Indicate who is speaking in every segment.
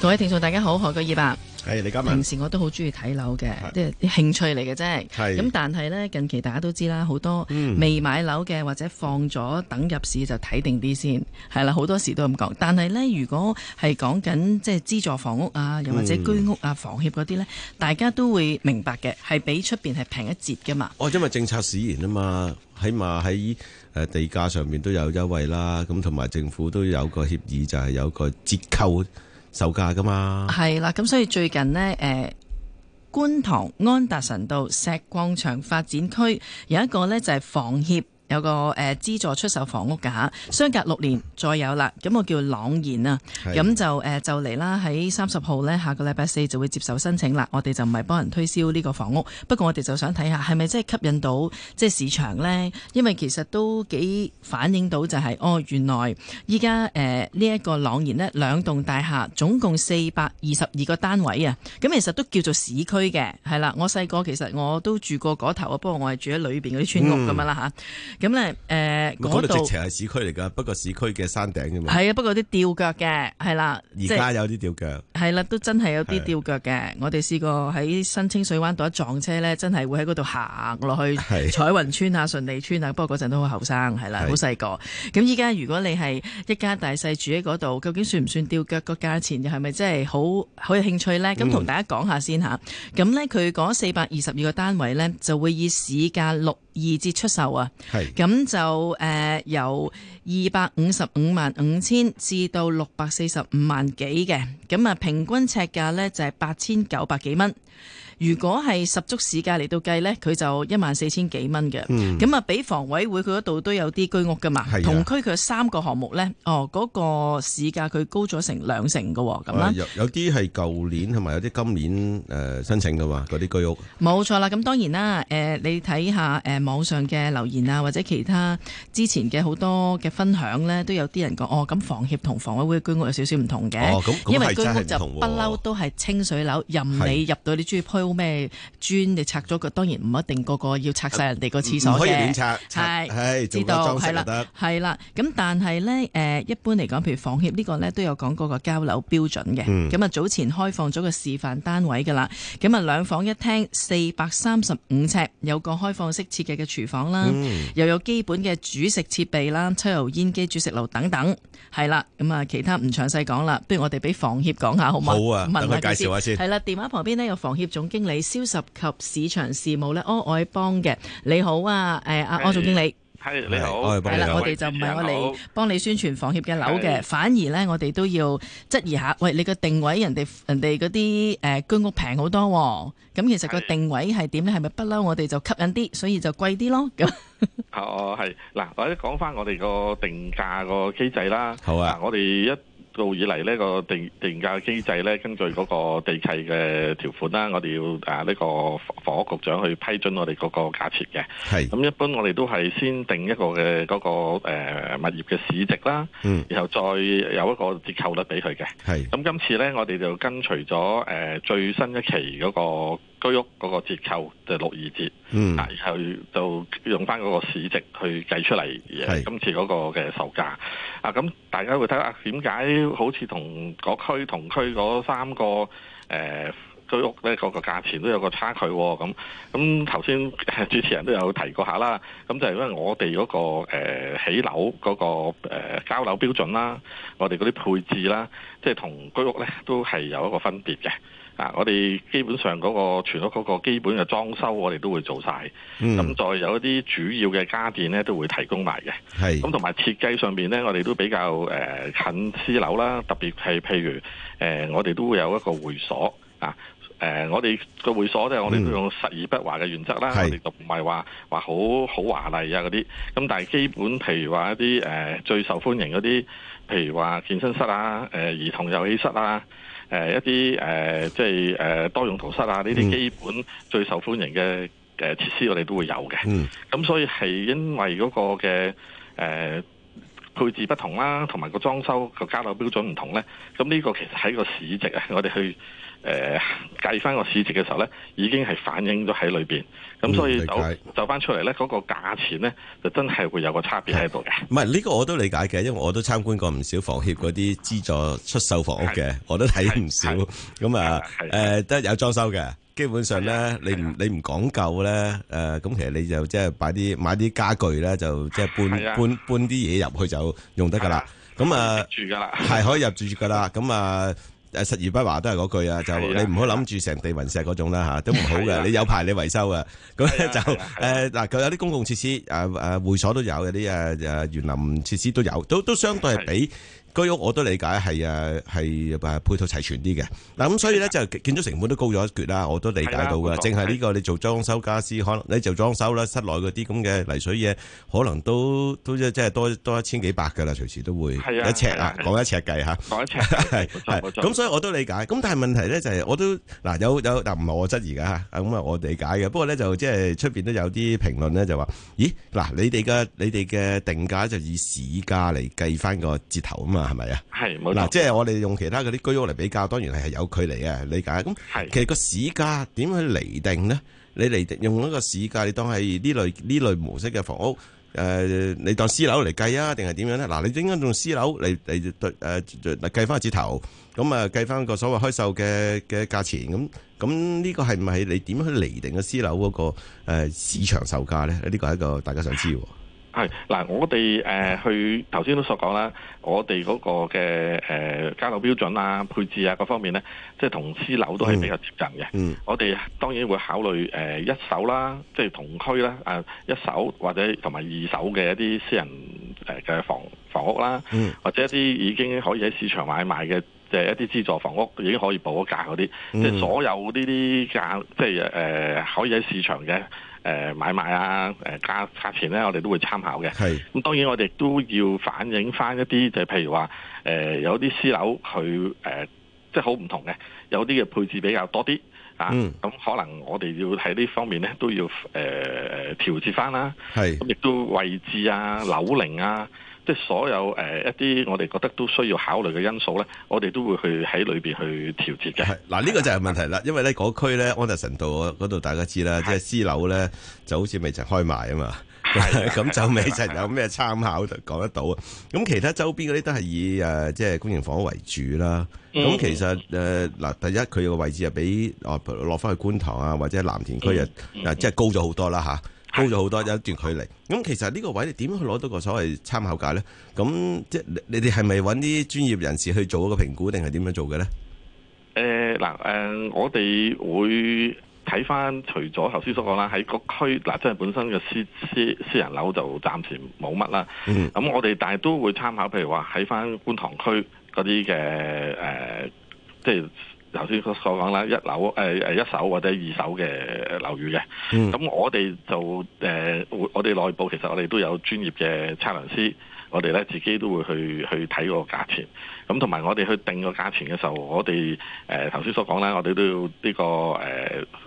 Speaker 1: 各位聽眾大家好，何國義啊，
Speaker 2: 係李嘉文。平時我
Speaker 1: 都好中意睇樓嘅，即係啲興趣嚟嘅啫。係咁，但係咧近期大家都知啦，好多未買樓嘅、嗯、或者放咗等入市就睇定啲先，係啦，好多時都咁講。但係咧，如果係講緊即係資助房屋啊，又或者居屋啊、房協嗰啲咧，大家都會明白嘅，係比出邊係平一截嘅嘛。
Speaker 2: 哦，因為政策使然啊嘛，起碼喺誒地價上面都有優惠啦。咁同埋政府都有個協議，就係有個折扣。售價噶嘛，
Speaker 1: 係啦，咁所以最近呢，誒、呃，觀塘安達臣道石礦場發展區有一個呢，就係房協。有個誒資助出售房屋㗎嚇，相隔六年再有啦，咁我叫朗然啊，咁就誒就嚟啦，喺三十號咧，下個禮拜四就會接受申請啦。我哋就唔係幫人推銷呢個房屋，不過我哋就想睇下係咪真係吸引到即係市場呢？因為其實都幾反映到就係、是、哦，原來依家誒呢一個朗然呢，兩棟大廈總共四百二十二個單位啊，咁其實都叫做市區嘅，係啦。我細個其實我都住過嗰頭啊，不過我係住喺裏面嗰啲村屋咁樣啦嚇。咁咧，誒嗰度直
Speaker 2: 情係市區嚟㗎，不過市區嘅山頂㗎嘛。係啊，
Speaker 1: 不過啲吊腳嘅係啦。而家有啲吊腳係、就是、啦，都真係有啲吊腳嘅。我哋試過喺新清水灣度一撞車咧，真係會喺嗰度行落去彩雲村啊、順利村啊。不過嗰陣都好後生，係啦，好細個。咁依家如果你係一家大細住喺嗰度，究竟算唔算吊腳？個價錢又係咪真係好，好有興趣咧？咁、嗯、同大家講下先嚇。咁咧，佢嗰四百二十二個單位咧，就會以市價六二折出售啊，係，咁就誒、呃、由二百五十五萬五千至到六百四十五萬幾嘅，咁啊，平均呎價咧就係八千九百幾蚊。如果係十足市價嚟到計咧，佢就一萬四千幾蚊嘅。咁啊，俾房委會佢嗰度都有啲居屋㗎嘛。同區佢三個項目咧，哦，嗰個市價佢高咗成兩成㗎喎。咁啊，有
Speaker 2: 有啲係舊年同埋有啲今年誒申請㗎嘛？嗰啲居屋
Speaker 1: 冇錯啦。咁當然啦。誒，你睇下誒網上嘅留言啊，或者其他之前嘅好多嘅分享咧，都有啲人講哦。咁房協同房委會嘅居屋有少少唔同嘅，因為居屋就不嬲都係清水樓，任你入到你中意鋪。冇咩磚就拆咗個。當然唔一定個個要拆晒人哋個廁所、啊、唔可以亂拆，係係、哎，做個裝飾就得，係啦。咁、嗯、但係咧，誒、呃、一般嚟講，譬如房協個呢個咧都有講個個交樓標準嘅。咁、嗯、啊早前開放咗個示範單位噶啦，咁啊兩房一廳四百三十五尺，有個開放式設計嘅廚房啦、嗯，又有基本嘅煮食設備啦，抽油煙機、煮食爐等等，係啦。咁啊其他唔詳細講啦，不如我哋俾房協講下好嗎？好啊，等佢介紹下先。係啦，電話旁邊咧有房協總經理、銷售及市場事務咧，柯靄邦嘅，你好啊，誒、啊，阿柯總經理，係、hey, 你好，係啦，我哋就唔係我哋幫你宣傳房協嘅樓嘅，hey. 反而咧我哋都要質疑下，喂，你個定位，人哋人哋嗰啲誒居屋平好多、哦，咁、嗯、其實個定位係點咧？係咪不嬲我哋就吸引啲，所以就貴啲咯？
Speaker 3: 咁 哦、uh,，係嗱，或者講翻我哋個定價個機制啦，好啊，我哋一。到以嚟呢個定定價機制呢，根據嗰個地契嘅條款啦，我哋要誒呢個房屋局長去批准我哋嗰個價值嘅。係咁一般，我哋都係先定一個嘅嗰、嗰個、呃、物業嘅市值啦、嗯，然後再有一個折扣率俾佢嘅。係咁今次呢，我哋就跟隨咗誒、呃、最新一期嗰、嗰個。居屋嗰個折扣就六二折，嗱、嗯，然後就用翻嗰個市值去計出嚟，今次嗰個嘅售價。啊，咁大家會睇下點解好似同個區同區嗰三個誒、呃、居屋咧，嗰個價錢都有個差距喎、啊。咁咁頭先主持人都有提過下啦。咁就係因為我哋嗰、嗰個、呃、起樓嗰、嗰個、呃、交樓標準啦，我哋嗰啲配置啦，即係同居屋咧都係有一個分別嘅。啊！我哋基本上嗰個全屋嗰個基本嘅裝修，我哋都會做晒。咁、嗯、再有一啲主要嘅家電咧，都會提供埋嘅。咁同埋設計上面咧，我哋都比較誒、呃、近私樓啦。特別係譬如誒、呃，我哋都會有一個會所啊。我哋個會所咧，我哋都用實而不華嘅原則啦，我哋唔係話話好好華麗啊嗰啲。咁但係基本譬如話一啲誒、呃、最受歡迎嗰啲，譬如話健身室啊、誒、呃、兒童遊戲室啊。誒、呃、一啲誒、呃、即係誒、呃、多用途室啊，呢啲基本最受歡迎嘅誒設施我哋都會有嘅。咁、嗯、所以係因為嗰個嘅誒、呃配置不同啦，同埋個裝修個交樓標準唔同咧，咁呢個其實喺個市值啊，我哋去誒計翻個市值嘅時候咧，已經係反映咗喺裏邊，咁、嗯、所以走走翻出嚟咧，嗰、嗰個價錢咧就真係會有個差別喺度嘅。
Speaker 2: 唔係呢個我都理解嘅，因為我都參觀過唔少房協嗰啲資助出售房屋嘅，我都睇唔少，咁啊誒都有裝修嘅。基本上咧，你唔你唔講究咧，誒咁其實你就即係擺啲買啲傢俱咧，就即係搬搬搬啲嘢入去就用得噶啦。咁啊，係可以入住噶啦。咁啊誒，實而不華都係嗰句啊，就你唔好諗住成地雲石嗰種啦嚇，都唔好嘅。你有排你維修啊，咁咧就誒嗱，佢有啲公共設施，誒誒會所都有，有啲誒誒園林設施都有，都都相對係比。居屋我都理解係啊，係啊配套齊全啲嘅嗱，咁所以咧就建築成本都高咗一橛啦，我都理解到㗎，淨係呢個你做裝修家私，可能你做裝修啦，室內嗰啲咁嘅泥水嘢，可能都都即係多多一千幾百㗎啦，隨時都會一尺啊，講一尺計下，講一尺咁所以我都理解。咁但係問題咧就係我都嗱有有，但唔係我質疑㗎。咁啊我理解嘅，不過咧就即係出面都有啲評論咧就話，咦嗱你哋嘅你哋嘅定價就以市價嚟計翻個折頭啊嘛。係咪啊？係，嗱，即係我哋用其他嗰啲居屋嚟比較，當然係係有距離嘅理解。咁，其實市價個市價點去釐定呢？你釐定用一個市價，你當係呢類呢類模式嘅房屋，誒、呃，你當私樓嚟計啊？定係點樣呢？嗱、呃，你應該用私樓嚟嚟對誒嚟計翻個指頭，咁啊計翻個所謂開售嘅嘅價錢。咁咁呢個係唔係你點去釐定個私樓嗰個誒市場售價呢？呢個係一個大家想知。
Speaker 3: 嗱，我哋誒去頭先都所講啦，我哋嗰、呃、個嘅誒交樓標準啊、配置啊，各方面咧，即係同私樓都係比較接近嘅、嗯嗯。我哋當然會考慮、呃、一手啦，即係同區啦，一手或者同埋二手嘅一啲私人嘅房房屋啦，嗯、或者一啲已經可以喺市場買賣嘅，即、就、係、是、一啲資助房屋已經可以補咗價嗰啲、嗯，即係所有呢啲價，即係、呃、可以喺市場嘅，誒買賣啊，誒價價錢咧，我哋都會參考嘅。係咁，當然我哋都要反映翻一啲，就係譬如話誒有啲私樓佢誒即係好唔同嘅，有啲嘅、呃、配置比較多啲、嗯、啊。咁可能我哋要喺呢方面咧都要誒、呃、調節翻啦。係咁，亦都位置啊、樓齡啊。即係所有誒、呃、一啲我哋覺得都需要考慮嘅因素咧，我哋都會去喺裏邊去調節嘅。嗱呢、啊呢
Speaker 2: 個就係問題啦，因為咧嗰區咧安達臣道嗰度大家知啦，即係私樓咧就好似未曾開賣啊嘛。咁 就未曾有咩參考講得到。咁其他周邊嗰啲都係以誒即係公營房屋為主啦。咁、嗯、其實誒嗱、啊，第一佢個位置係比、啊、落翻去觀塘啊或者藍田區、嗯，就是高了很多了嗯、啊，即係高咗好多啦嚇。高咗好多，有一段距離，咁其實呢個位你點樣去攞到個所謂參考價咧？咁即係你哋係咪揾啲專業人士去做一個評估，定係點樣做嘅咧？
Speaker 3: 誒嗱誒，我哋會睇翻，除咗頭先所講啦，喺個區嗱，即、呃、係本身嘅私私私人樓就暫時冇乜啦。咁、嗯呃、我哋但係都會參考，譬如話喺翻觀塘區嗰啲嘅誒，即係。頭先所講啦，一樓誒誒一手或者二手嘅樓宇嘅，咁、嗯、我哋就誒、呃、我哋內部其實我哋都有專業嘅測量師，我哋咧自己都會去去睇個價錢，咁同埋我哋去定個價錢嘅時候，我哋誒頭先所講啦，我哋都要呢、這個誒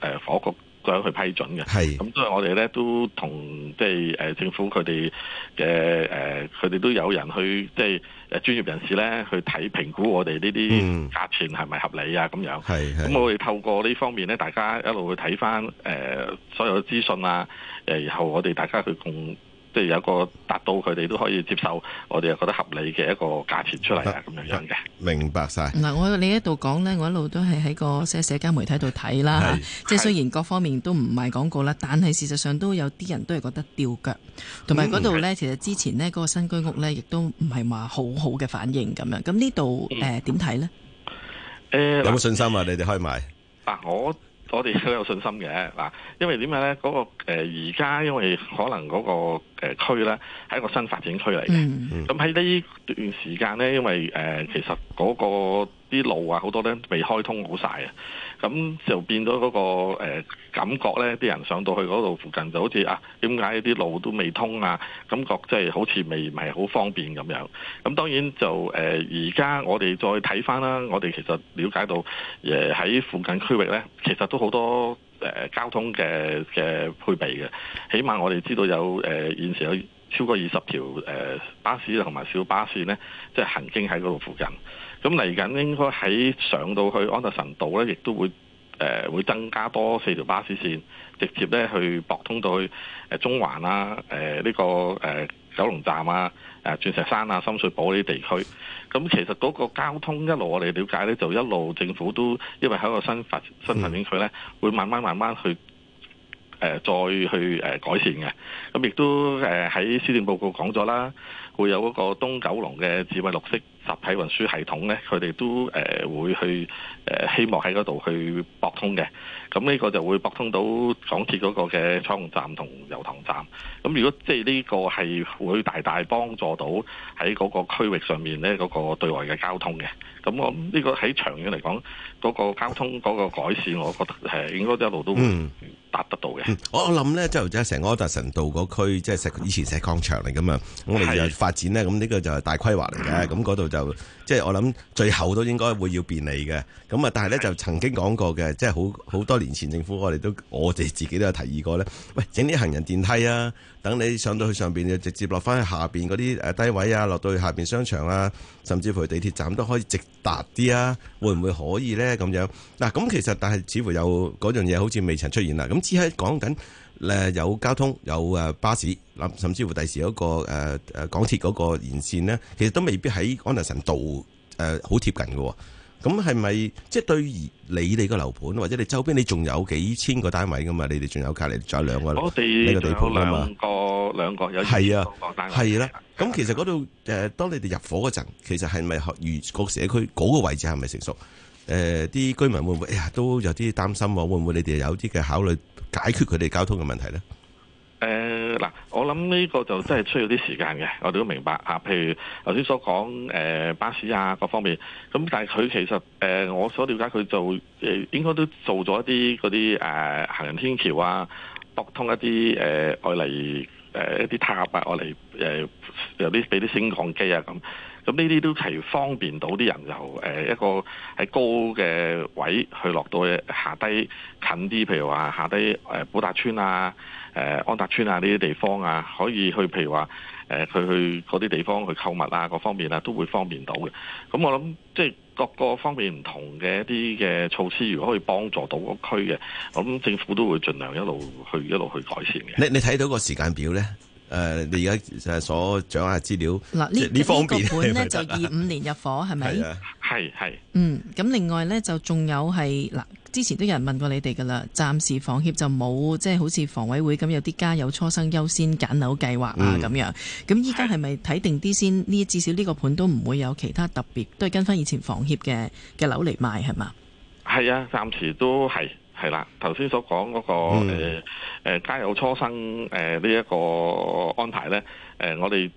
Speaker 3: 誒房屋局。去批准嘅，咁所以我哋咧都同即係、呃、政府佢哋嘅誒，呃、佢哋都有人去即係專業人士咧去睇評估我哋呢啲價錢係咪合理啊咁樣，咁我哋透過呢方面咧，大家一路去睇翻、呃、所有嘅資訊啊，然後我哋大家去共。即係有一個達到佢哋都可以接受，我哋又覺得合理嘅一個價錢出嚟咁樣樣嘅、啊啊。明白晒。
Speaker 1: 嗱、嗯，我你喺度講呢，我一路都係喺個些社、社交媒體度睇啦，即係雖然各方面都唔賣廣告啦，但係事實上都有啲人都係覺得吊腳，
Speaker 3: 同埋嗰度呢、
Speaker 1: 嗯，其實之前呢嗰、嗰個新居屋呢，亦都唔係話好好嘅反應咁樣。咁呢度誒點睇呢？誒、
Speaker 2: 呃，有冇信心啊？你哋開賣？
Speaker 3: 啊、我。 我哋都有信心嘅，嗱，因為點解咧？嗰、嗰個而家、呃、因為可能嗰個誒區咧，係一個新發展區嚟嘅。咁喺呢段時間咧，因為誒、呃、其實嗰、嗰個啲路啊好多咧未開通好晒啊！咁就變咗嗰、那個、呃、感覺咧，啲人上到去嗰度附近就好似啊，點解啲路都未通啊？感覺即係好似未唔係好方便咁樣。咁當然就誒而家我哋再睇返啦，我哋其實了解到誒喺、呃、附近區域咧，其實都好多誒、呃、交通嘅嘅配備嘅。起碼我哋知道有誒、呃、現時有超過二十條誒、呃、巴士同埋小巴士咧，即、就、係、是、行經喺嗰度附近。咁嚟緊應該喺上到去安達臣道咧，亦都會誒、呃、會增加多四條巴士線，直接咧去駁通到去、呃、中環啊。誒、呃、呢、這個誒、呃、九龍站啊、誒、呃、鑽石山啊、深水埗呢啲地區。咁其實嗰個交通一路我哋了解咧，就一路政府都因為喺個個新發新發展區咧，會慢慢慢慢去誒、呃、再去誒改善嘅。咁亦都誒喺施政報告講咗啦，會有嗰個東九龍嘅智慧綠色。集體運輸系統呢，佢哋都誒會去誒希望喺嗰度去博通嘅，咁呢個就會博通到港鐵嗰個嘅彩虹站同油塘站。咁如果即係呢個係會大大幫助到喺嗰個區域上面呢，嗰個對外嘅交通嘅。咁我呢個喺長遠嚟講，嗰個交通嗰個改善，我覺得係應該都一路都
Speaker 2: 達得到嘅，我我諗呢，即係成個達臣道嗰區，即係石以前石礦場嚟噶嘛，的我哋又發展呢，咁呢個就係大規劃嚟嘅，咁嗰度就即係、就是、我諗最後都應該會要便利嘅，咁啊，但係呢，的就曾經講過嘅，即係好好多年前政府我哋都我哋自己都有提議過呢：「喂，整啲行人電梯啊，等你上到去上邊就直接落翻去下邊嗰啲誒低位啊，落到去下邊商場啊。」甚至乎地鐵站都可以直達啲啊，會唔會可以咧？咁樣嗱，咁其實但係似乎有嗰樣嘢好似未曾出現啦。咁只係講緊誒有交通，有誒巴士，甚至乎第時有、嗰、一個、呃呃、港鐵嗰個延線咧，其實都未必喺安達臣道誒好、呃、貼近嘅。咁係咪即係對於你哋個樓盤，或者你周邊你仲有幾千個單位噶嘛？你哋仲有隔籬仲有兩個樓呢個地盤啊嘛？兩、個
Speaker 3: 兩、個有二個單位。係
Speaker 2: 啦，咁、那個啊啊啊、其實嗰度誒，當你哋入伙嗰陣，其實係咪學如個社區嗰、那個位置係咪成熟？誒、呃，啲居民會唔會哎呀都有啲擔心？會唔會你哋有啲嘅考慮解決佢哋交通嘅問題咧？
Speaker 3: 我諗呢個就真係需要啲時間嘅，我哋都明白啊，譬如頭先所講、呃、巴士呀、啊、各方面咁，但係佢其實、呃、我所了解佢做誒，應該都做咗一啲嗰啲行人天橋啊，博通一啲誒外嚟誒一啲塔啊，外嚟誒有啲俾啲升降機啊咁。咁呢啲都係方便到啲人由一個喺高嘅位去落到下低近啲，譬如話下低誒寶達邨啊、安達邨啊呢啲地方啊，可以去譬如話誒去去嗰啲地方去購物啊，各方面啊都會方便到嘅。咁我諗即係各個方面唔同嘅一啲嘅措施，如果可以幫助到個區嘅，咁政府都會盡量一路去一路去改善
Speaker 2: 嘅。你你睇到個時間表咧？誒、呃，你而家誒所掌握資料嗱，方這個、呢呢個盤咧就二五
Speaker 1: 年入伙係咪？
Speaker 2: 係係、啊。嗯，
Speaker 1: 咁另外呢，就仲有係嗱，之前都有人問過你哋噶啦，暫時房協就冇即係好似房委會咁有啲家有初生優先揀樓計劃啊咁、嗯、樣。咁依家係咪睇定啲先？呢至少呢個盤都唔會有其他特別，都係跟翻以前房協嘅嘅樓嚟賣係嘛？
Speaker 3: 係啊，暫時都係。係啦，頭先所講嗰、嗰個誒、嗯呃呃、家有初生誒呢一個安排咧，誒、呃、我哋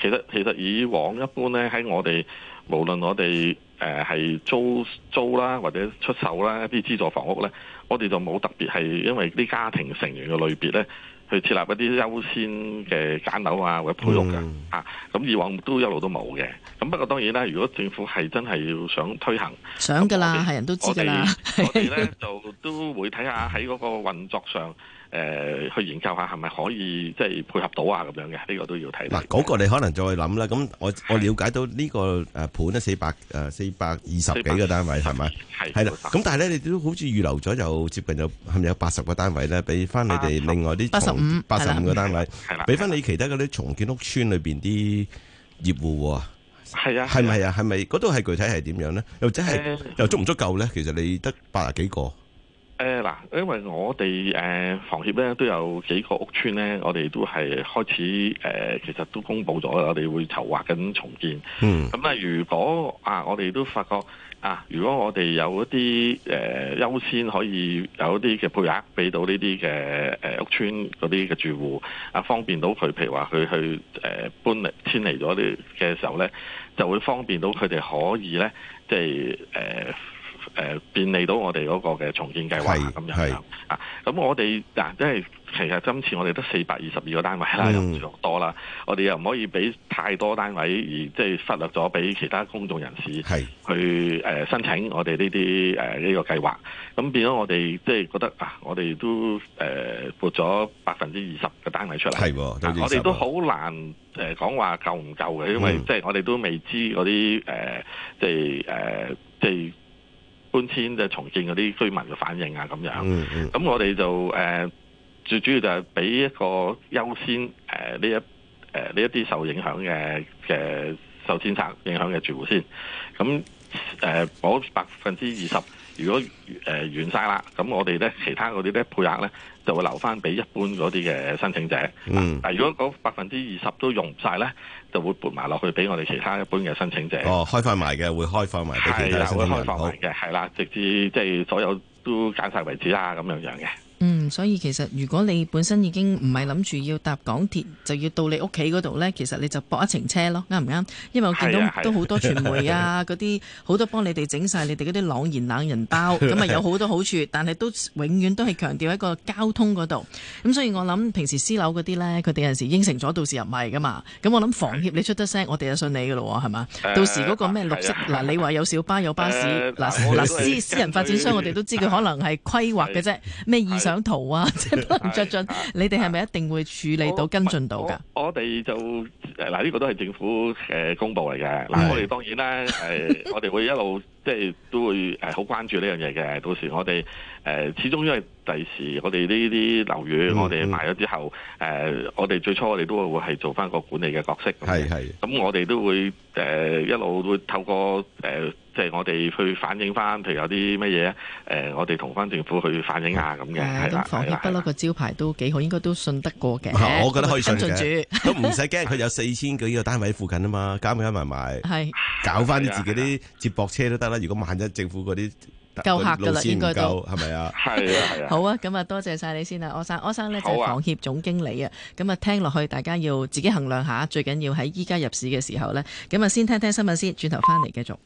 Speaker 3: 其實其實以往一般咧喺我哋無論我哋誒係租租啦或者出售啦一啲資助房屋咧。我哋就冇特別係，因為啲家庭成員嘅類別咧，去設立一啲優先嘅揀樓啊，或者配屋嘅咁、嗯、以往都一路都冇嘅。咁不過當然啦，如果政府係真係要想推行，
Speaker 1: 想㗎啦，係人都知㗎啦。我哋咧
Speaker 3: 就都會睇下喺嗰個運作上。誒，去研究下係咪可以即係配合到啊？咁樣嘅呢個都要睇。嗱，
Speaker 2: 嗰個你可能再諗啦。咁我我瞭解到呢個誒盤咧四百誒四百二十幾個單位係咪？係啦。咁但係咧，你都好似預留咗有接近有，係咪有八十個單位咧，俾翻你哋另外啲八十五八十五個單位係啦，俾翻你其他嗰啲重建屋村裏邊啲業戶。係啊。
Speaker 3: 係咪啊？
Speaker 2: 係咪嗰度係具體係點樣咧？又或者係又足唔足夠咧？其實你得八十幾個。
Speaker 3: 誒嗱，因為我哋誒房協咧都有幾個屋邨，咧，我哋都係開始誒，其實都公布咗我哋會籌劃緊重建。嗯，咁咧如果啊，我哋都發覺啊，如果我哋有一啲誒、呃、優先可以有一啲嘅配額，俾到呢啲嘅誒屋邨嗰啲嘅住戶啊，方便到佢，譬如話佢去誒搬嚟遷離咗啲嘅時候咧，就會方便到佢哋可以咧，即係誒。呃誒、呃，便利到我哋嗰個嘅重建計劃咁樣啊！咁我哋嗱，即、啊、係其實今次我哋得四百二十二個單位啦、嗯，又唔算多啦。我哋又唔可以俾太多單位，而即係忽略咗俾其他公眾人士去誒、呃、申請我哋呢啲誒呢個計劃。咁變咗我哋即係覺得啊，我哋都誒撥咗百分之二十嘅單位出嚟。係、啊啊、我哋都好難誒、呃、講話夠唔夠嘅，因為、嗯、因為即係我哋都未知嗰啲誒，即係誒、呃，即係。呃即搬遷就重建嗰啲居民嘅反應啊，咁樣，咁我哋就誒，最主要就係俾一個優先誒呢、呃、一誒呢一啲受影響嘅嘅受遷拆影響嘅住戶先，咁誒百分之二十，如果誒、呃、完晒啦，咁我哋咧其他嗰啲咧配額咧就會留翻俾一般嗰啲嘅申請者，呃、但如果嗰百分之二十都用唔晒咧，就會撥埋落去俾我哋其他一般嘅申請者。哦，
Speaker 2: 開放埋嘅，會開放埋。係啦，會開放埋
Speaker 3: 嘅，係啦，直至即係所有都揀晒為止啦，咁樣樣嘅。
Speaker 1: 嗯，所以其實如果你本身已經唔係諗住要搭港鐵，就要到你屋企嗰度呢，其實你就駁一程車咯，啱唔啱？因為我見到、啊、都好多傳媒啊，嗰啲好多幫你哋整晒你哋嗰啲朗然懶人包，咁 啊有好多好處，但係都永遠都係強調一個交通嗰度。咁、嗯、所以我諗平時私樓嗰啲呢，佢哋有陣時應承咗，到時又唔係噶嘛。咁我諗房協你出得聲， 我哋就信你噶咯，係嘛？ 到時嗰個咩綠色嗱、 呃，你話有小巴有巴士嗱、 呃呃呃、私私人發展商， 我哋都知佢可能係規劃嘅啫，咩 意？ 想逃啊！即係不能著進，是啊、你哋係咪一定會處理到跟進到㗎？
Speaker 3: 我哋就嗱呢、啊這個都係政府誒公佈嚟嘅。嗱，我哋當然啦，誒、 呃，我哋會一路即係都會誒好關注呢樣嘢嘅。到時我哋誒、呃、始終因為第時我哋呢啲樓宇、嗯、我哋賣咗之後誒、呃，我哋最初我哋都會係做返個管理嘅角色。係係。咁我哋都會誒、呃、一路會透過誒。呃即、就、係、是、我哋去反映翻，譬如有啲乜嘢誒，我哋同翻政府去反映下，咁嘅咁房協
Speaker 1: 不嬲個招牌都幾好，應該都信得過嘅、啊啊。我覺得可以信住。都唔使
Speaker 3: 驚。佢 有四千幾
Speaker 2: 個單位附近啊嘛，搞埋加埋，係、啊、搞翻自己啲接駁車都得啦、啊。如果萬一政府嗰啲夠客噶啦，應該夠，係咪啊？係啊，係 啊，啊， 好啊。好啊，
Speaker 1: 咁啊，多謝晒你先啊。柯生，柯生呢就房協總經理啊。咁啊，聽落去大家要自己衡量下，最緊要喺依家入市嘅時候呢。咁啊，先聽聽新聞先，轉頭翻嚟繼續。